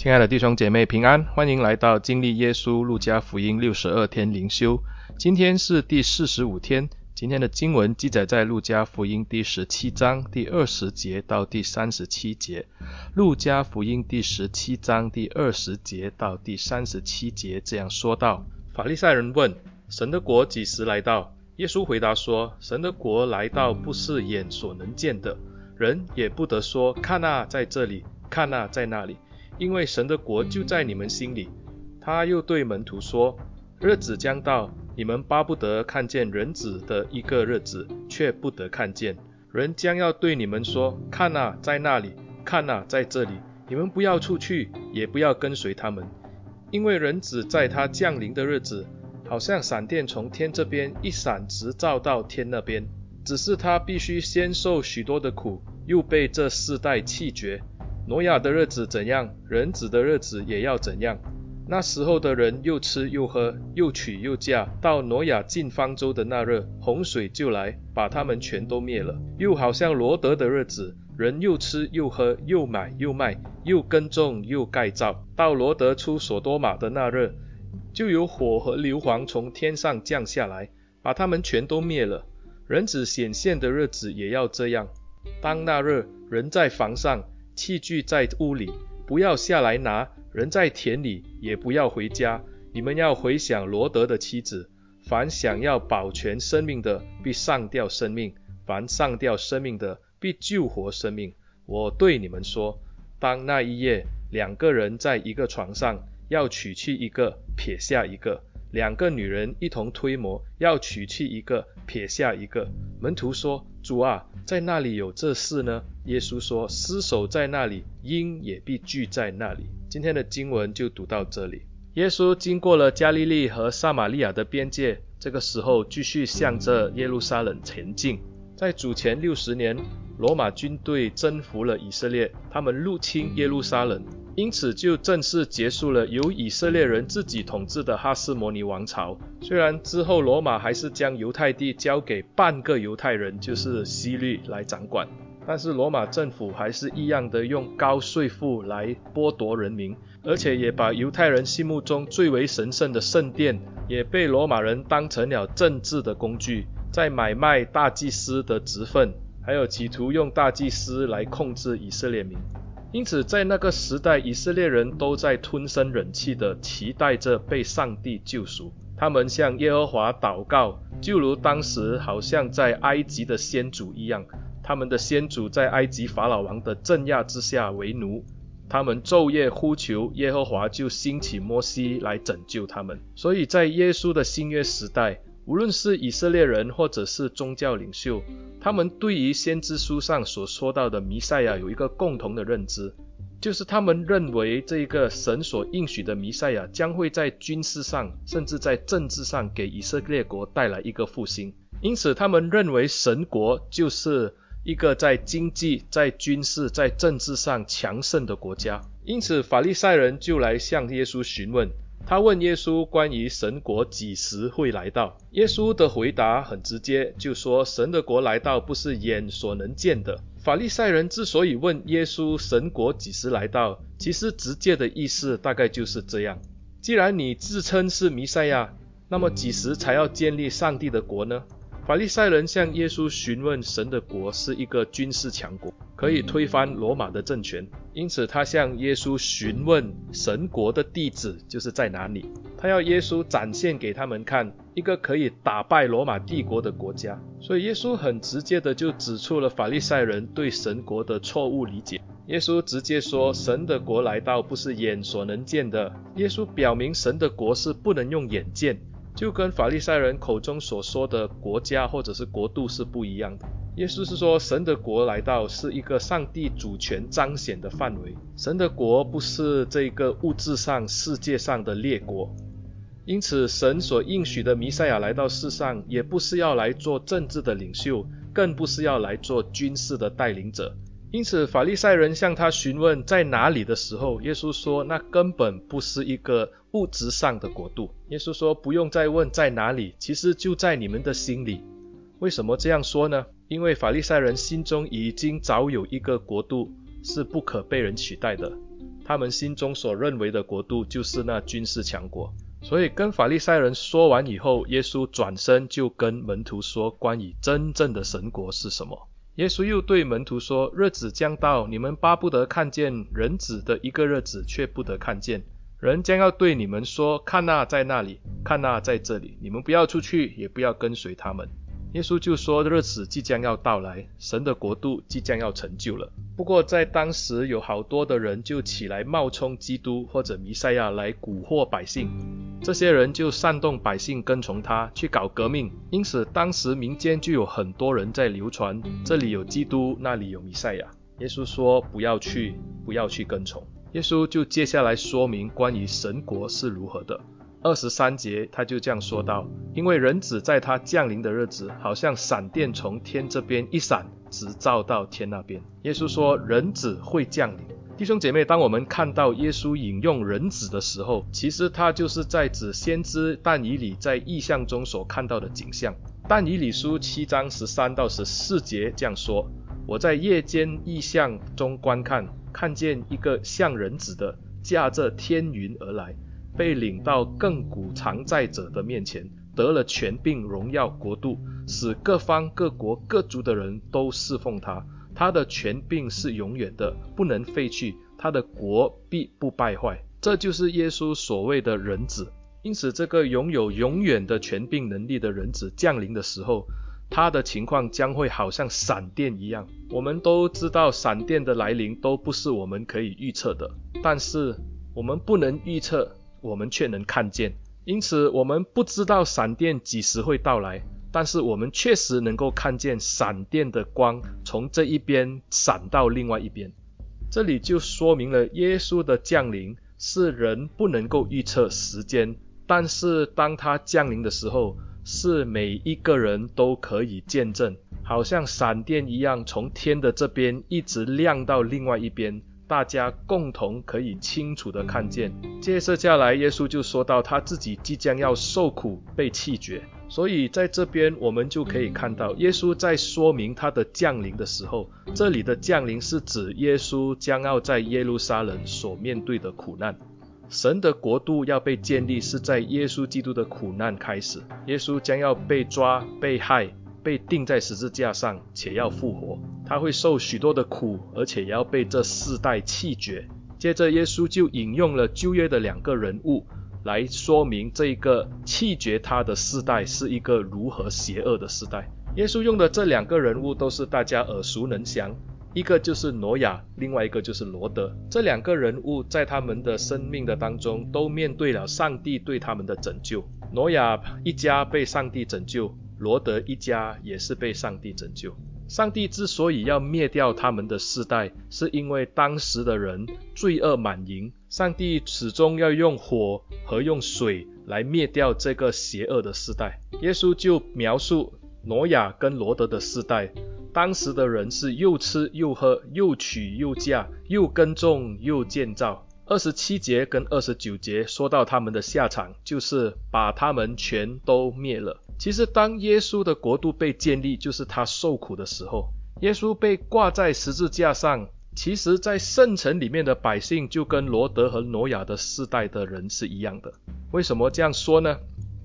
親愛的弟兄姐妹平安，歡迎來到經歷耶穌路加福音六十二天靈修。今天是第四十五天，今天的經文記載在路加福音第十七章第二十節到第三十七節。路加福音第十七章第二十節到第三十七節這樣說道：法利賽人問，神的國幾時來到？耶穌回答說，神的國來到不是眼所能見的，人也不得說，看哪，在這裡，看哪，在那裡。因為神的國就在你們心裡。他又對門徒說：“日子將到，你們巴不得看見人子的一個日子，卻不得看見。人將要對你們說：‘看哪，在那裡！看哪，在這裡！’你們不要出去，也不要跟隨他們，因為人子在他降臨的日子，好像閃電從天這邊一閃，直照到天那邊。只是他必須先受許多的苦，又被這世代棄絕。”挪亞的日子怎樣，人子的日子也要怎樣。那時候的人又吃又喝，又娶又嫁，到挪亞進方舟的那日，洪水就來，把他們全都滅了。又好像羅得的日子，人又吃又喝，又買又賣，又耕種又蓋造，到羅得出索多瑪的那日，就有火和硫磺從天上降下來，把他們全都滅了。人子顯現的日子也要這樣。當那日，人在房上。器具在屋裡，不要下來拿；人在田裡，也不要回家。你們要回想羅得的妻子。凡想要保全生命的，必喪掉生命；凡喪掉生命的，必救活生命。我對你們說，當那一夜，兩個人在一個床上，要取去一個，撇下一個。兩個女人一同推磨，要取去一個，撇下一個。門徒說：“主啊，在那裡有這事呢？”耶穌說：“屍首在那裡，鷹也必聚在那裡。”今天的經文就讀到這裡。耶穌經過了加利利和撒瑪利亞的邊界，這個時候繼續向着耶路撒冷前進。在主前六十年，羅馬軍隊征服了以色列，他們入侵耶路撒冷。因此，就正式結束了由以色列人自己統治的哈斯摩尼王朝。雖然之後羅馬還是將猶太地交給半個猶太人，就是希律來掌管，但是羅馬政府還是一樣的用高稅賦來剝奪人民，而且也把猶太人心目中最為神聖的聖殿，也被羅馬人當成了政治的工具，在買賣大祭司的職分，還有企圖用大祭司來控制以色列民。因此，在那個時代，以色列人都在吞聲忍氣的期待着被上帝救贖。他們向耶和華禱告，就如當時好像在埃及的先祖一樣。他們的先祖在埃及法老王的鎮壓之下為奴，他們晝夜呼求耶和華，就興起摩西來拯救他們。所以在耶穌的新約時代，無論是以色列人，或者是宗教領袖，他們對於先知書上所說到的彌賽亞有一個共同的認知，就是他們認為這個神所應許的彌賽亞將會在軍事上甚至在政治上給以色列國帶來一個復興。因此，他們認為神國就是一個在經濟、在軍事、在政治上強盛的國家。因此，法利賽人就來向耶穌詢問。他問耶穌關於神國幾時會來到，耶穌的回答很直接，就說神的國來到不是眼所能見的。法利賽人之所以問耶穌神國幾時來到，其實直接的意思大概就是這樣：既然你自稱是彌賽亞，那麼幾時才要建立上帝的國呢？法利賽人向耶穌詢問，神的國是一個軍事強國，可以推翻羅馬的政權，因此他向耶穌詢問神國的地址就是在哪裡。他要耶穌展現給他們看一個可以打敗羅馬帝國的國家。所以耶穌很直接的就指出了法利賽人對神國的錯誤理解。耶穌直接說，神的國來到不是眼所能見的。耶穌表明神的國是不能用眼見就跟法利賽人口中所說的國家或者是國度是不一樣的。耶穌是說，神的國來到是一個上帝主權彰顯的範圍。神的國不是這個物質上世界上的列國。因此，神所應許的彌賽亞來到世上，也不是要來做政治的領袖，更不是要來做軍事的帶領者。因此，法利賽人向他詢問在哪裡的時候，耶穌說：“那根本不是一個物質上的國度。”耶穌說：“不用再問在哪裡，其實就在你們的心裡。”為什麼這樣說呢？因為法利賽人心中已經早有一個國度是不可被人取代的，他們心中所認為的國度就是那軍事強國。所以，跟法利賽人說完以後，耶穌轉身就跟門徒說：“關於真正的神國是什麼？”耶穌又對門徒說：“日子將到，你們巴不得看見人子的一個日子，卻不得看見。人將要對你們說：看哪，在那裡，看哪，在這裡。你們不要出去，也不要跟隨他們。”耶穌就說：“日子即將要到來，神的國度即將要成就了。”不過在當時，有好多的人就起來冒充基督或者彌賽亞來蠱惑百姓。這些人就煽動百姓跟從他去搞革命，因此當時民間就有很多人在流傳：這裡有基督，那裡有彌賽亞。耶穌說：“不要去，不要去跟從。”耶穌就接下來說明關於神國是如何的。二十三節，他就這樣說道：“因為人子在他降臨的日子，好像閃電從天這邊一閃，直照到天那邊。”耶穌說：“人子會降臨。”弟兄姐妹，當我們看到耶穌引用人子的時候，其實他就是在指先知但以理在異象中所看到的景象。但以理書七章十三到十四節這樣說：“我在夜間異象中觀看，看見一個像人子的駕着天雲而來。”被領到亘古常在者的面前，得了權柄、榮耀、國度，使各方各國、各族的人都事奉他。他的權柄是永遠的，不能廢去；他的國必不敗壞。這就是耶穌所謂的“人子”。因此，這個擁有永遠的權柄能力的人子降臨的時候，他的情況將會好像閃電一樣。我們都知道，閃電的來臨都不是我們可以預測的，但是我們不能預測。我們卻能看見，因此我們不知道閃電幾時會到來，但是我們確實能夠看見閃電的光從這一邊閃到另外一邊。這裡就說明了耶穌的降臨是人不能夠預測時間，但是當他降臨的時候，是每一個人都可以見證，好像閃電一樣從天的這邊一直亮到另外一邊。大家共同可以清楚地看見。接着下來，耶穌就說到他自己即將要受苦、被棄絕。所以在這邊我們就可以看到，耶穌在說明他的降臨的時候，這裡的降臨是指耶穌將要在耶路撒冷所面對的苦難。神的國度要被建立，是在耶穌基督的苦難開始。耶穌將要被抓、被害、被釘在十字架上，且要復活。他會受許多的苦，而且也要被這世代棄絕。接着，耶穌就引用了舊約的兩個人物來說明這一個棄絕他的世代是一個如何邪惡的世代。耶穌用的這兩個人物都是大家耳熟能詳，一個就是挪亞，另外一個就是羅得。這兩個人物在他們的生命的當中都面對了上帝對他們的拯救。挪亞一家被上帝拯救，羅得一家也是被上帝拯救。上帝之所以要滅掉他們的世代，是因為當時的人罪惡滿盈。上帝始終要用火和用水來滅掉這個邪惡的世代。耶穌就描述挪亞跟羅得的世代，當時的人是又吃又喝，又娶又嫁，又耕種又建造。二十七節跟二十九節說到他們的下場，就是把他們全都滅了。其實，當耶穌的國度被建立，就是他受苦的時候。耶穌被掛在十字架上，其實，在聖城裡面的百姓就跟羅得和挪亞的世代的人是一樣的。為什麼這樣說呢？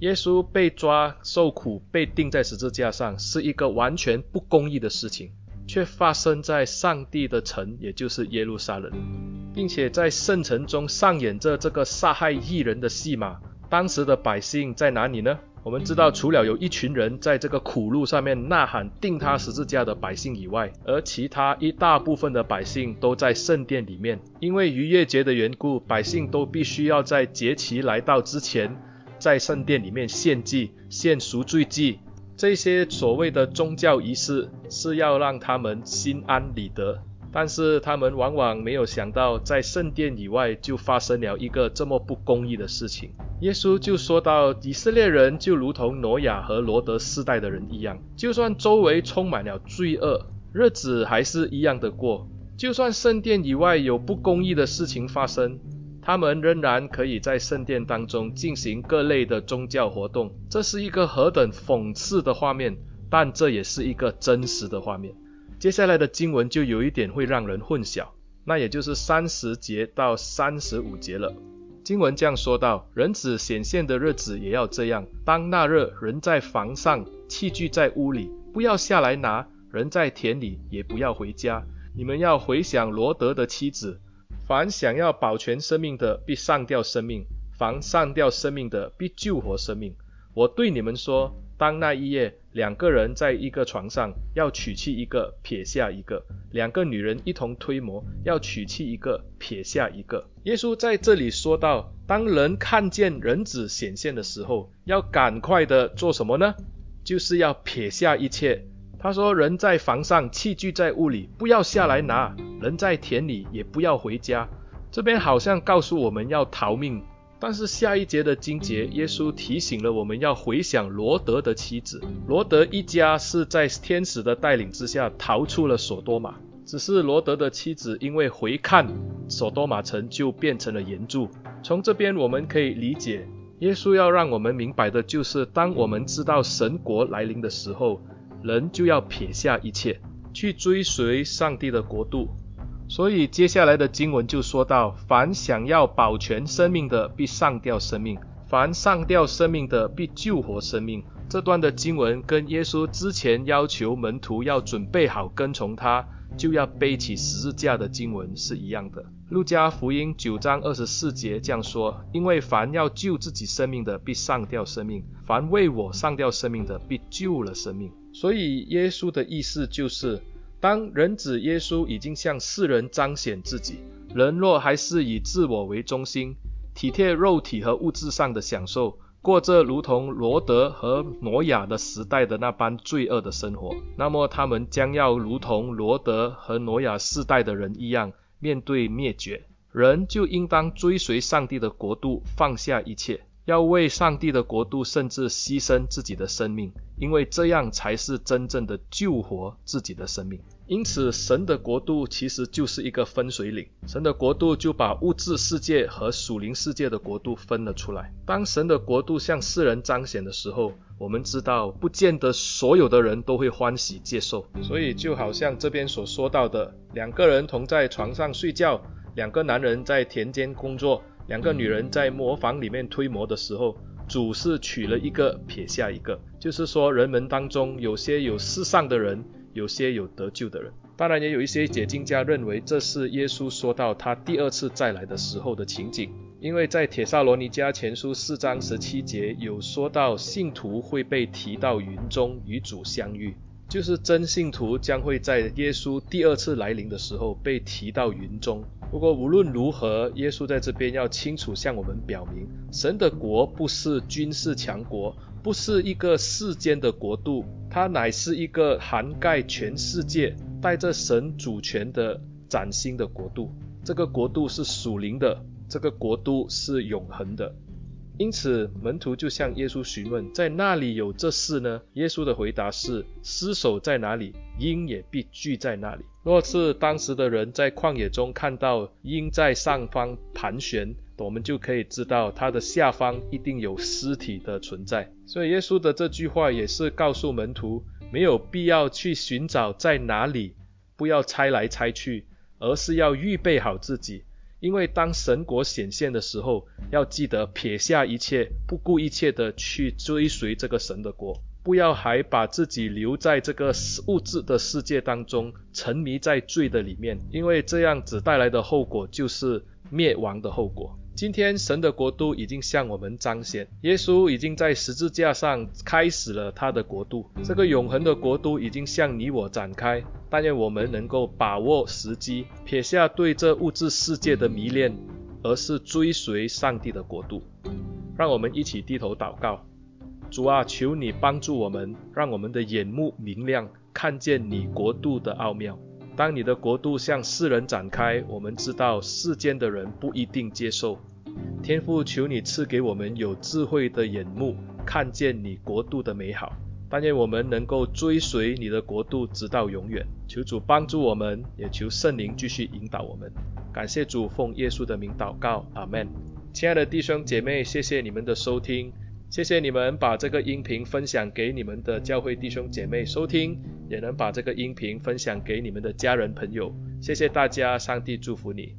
耶穌被抓、受苦、被釘在十字架上，是一個完全不公義的事情，却發生在上帝的城，也就是耶路撒冷，並且在聖城中上演着這個殺害義人的戲碼。當時的百姓在哪裡呢？我們知道，除了有一群人在這個苦路上面吶喊定他十字架的百姓以外，而其他一大部分的百姓都在聖殿裡面，因為逾越節的緣故，百姓都必須要在節期來到之前，在聖殿裡面獻祭、獻贖罪祭。這些所謂的宗教儀式是要讓他們心安理得，但是他們往往沒有想到，在聖殿以外就發生了一個這麼不公義的事情。耶穌就說到，以色列人就如同挪亞和羅得世代的人一樣，就算周圍充滿了罪惡，日子還是一樣的過；就算聖殿以外有不公義的事情發生，他們仍然可以在聖殿當中進行各類的宗教活動。這是一個何等諷刺的畫面，但這也是一個真實的畫面。接下來的經文就有一點會讓人混淆，那也就是三十節到三十五節了。經文這樣說到：人子顯現的日子也要這樣。當那日，人在房上，器具在屋裡，不要下來拿；人在田裡，也不要回家。你們要回想羅得的妻子。凡想要保全生命的，必喪掉生命；凡喪掉生命的，必救活生命。我對你們說，當那一夜兩個人在一個床上，要取去一個，撇下一個；兩個女人一同推磨，要取去一個，撇下一個。耶穌在這裡說到，當人看見人子顯現的時候，要趕快的做什麼呢？就是要撇下一切。他說，人在房上，器具在屋裡，不要下來拿；人在田裡，也不要回家。這邊好像告訴我們要逃命。但是下一節的經節，耶穌提醒了我們要回想羅得的妻子。羅得一家是在天使的帶領之下逃出了所多瑪，只是羅得的妻子因為回看所多瑪城就變成了鹽柱。從這邊我們可以理解，耶穌要讓我們明白的就是，當我們知道神國來臨的時候，人就要撇下一切，去追隨上帝的國度。所以接下來的經文就說到：凡想要保全生命的，必喪掉生命；凡喪掉生命的，必救活生命。這段的經文跟耶穌之前要求門徒要準備好跟從他，就要背起十字架的經文是一樣的。路加福音九章二十四節這樣說：因為凡要救自己生命的，必喪掉生命；凡為我喪掉生命的，必救了生命。所以耶穌的意思就是。當人子耶穌已經向世人彰顯自己，人若還是以自我為中心，體貼肉體和物質上的享受，過着如同羅德和挪亞的時代的那般罪惡的生活，那麼他們將要如同羅德和挪亞世代的人一樣，面對滅絕。人就應當追隨上帝的國度，放下一切。要為上帝的國度，甚至犧牲自己的生命，因為這樣才是真正的救活自己的生命。因此，神的國度其實就是一個分水嶺，神的國度就把物質世界和屬靈世界的國度分了出來。當神的國度向世人彰顯的時候，我們知道，不見得所有的人都會歡喜接受。所以，就好像這邊所說到的，兩個人同在床上睡覺，兩個男人在田間工作。兩個女人在磨坊裡面推磨的時候，主是取了一個，撇下一個，就是說人們當中有些有世上的人，有些有得救的人。當然也有一些解經家認為這是耶穌說到他第二次再來的時候的情景，因為在《帖撒羅尼迦前書》四章十七節有說到信徒會被提到雲中與主相遇，就是真信徒將會在耶穌第二次來臨的時候被提到雲中。不過無論如何，耶穌在這邊要清楚向我們表明，神的國不是軍事強國，不是一個世間的國度，它乃是一個涵蓋全世界、帶着神主權的嶄新的國度。這個國度是屬靈的，這個國度是永恆的。因此，門徒就向耶穌詢問，在那裡有這事呢？耶穌的回答是：屍首在哪裡，鷹也必聚在那裡。若是當時的人在曠野中看到鷹在上方盤旋，我們就可以知道它的下方一定有屍體的存在。所以，耶穌的這句話也是告訴門徒，沒有必要去尋找在哪裡，不要猜來猜去，而是要預備好自己。因為當神國顯現的時候，要記得撇下一切，不顧一切的去追隨這個神的國，不要還把自己留在這個物質的世界當中，沉迷在罪的裡面，因為這樣子帶來的後果就是滅亡的後果。今天神的國度已經向我們彰顯，耶穌已經在十字架上開始了他的國度，這個永恆的國度已經向你我展開。但願我們能夠把握時機，撇下對這物質世界的迷戀，而是追隨上帝的國度。讓我們一起低頭禱告：主啊，求你幫助我們，讓我們的眼目明亮，看見你國度的奧妙。當你的國度向世人展開，我們知道世間的人不一定接受。天父，求你賜給我們有智慧的眼目，看見你國度的美好。但願我們能夠追隨你的國度，直到永遠。求主幫助我們，也求聖靈繼續引導我們。感謝主，奉耶穌的名禱告，阿門。親愛的弟兄姐妹，謝謝你們的收聽，謝謝你們把這個音頻分享給你們的教會弟兄姐妹收聽，也能把這個音頻分享給你們的家人朋友。謝謝大家，上帝祝福你。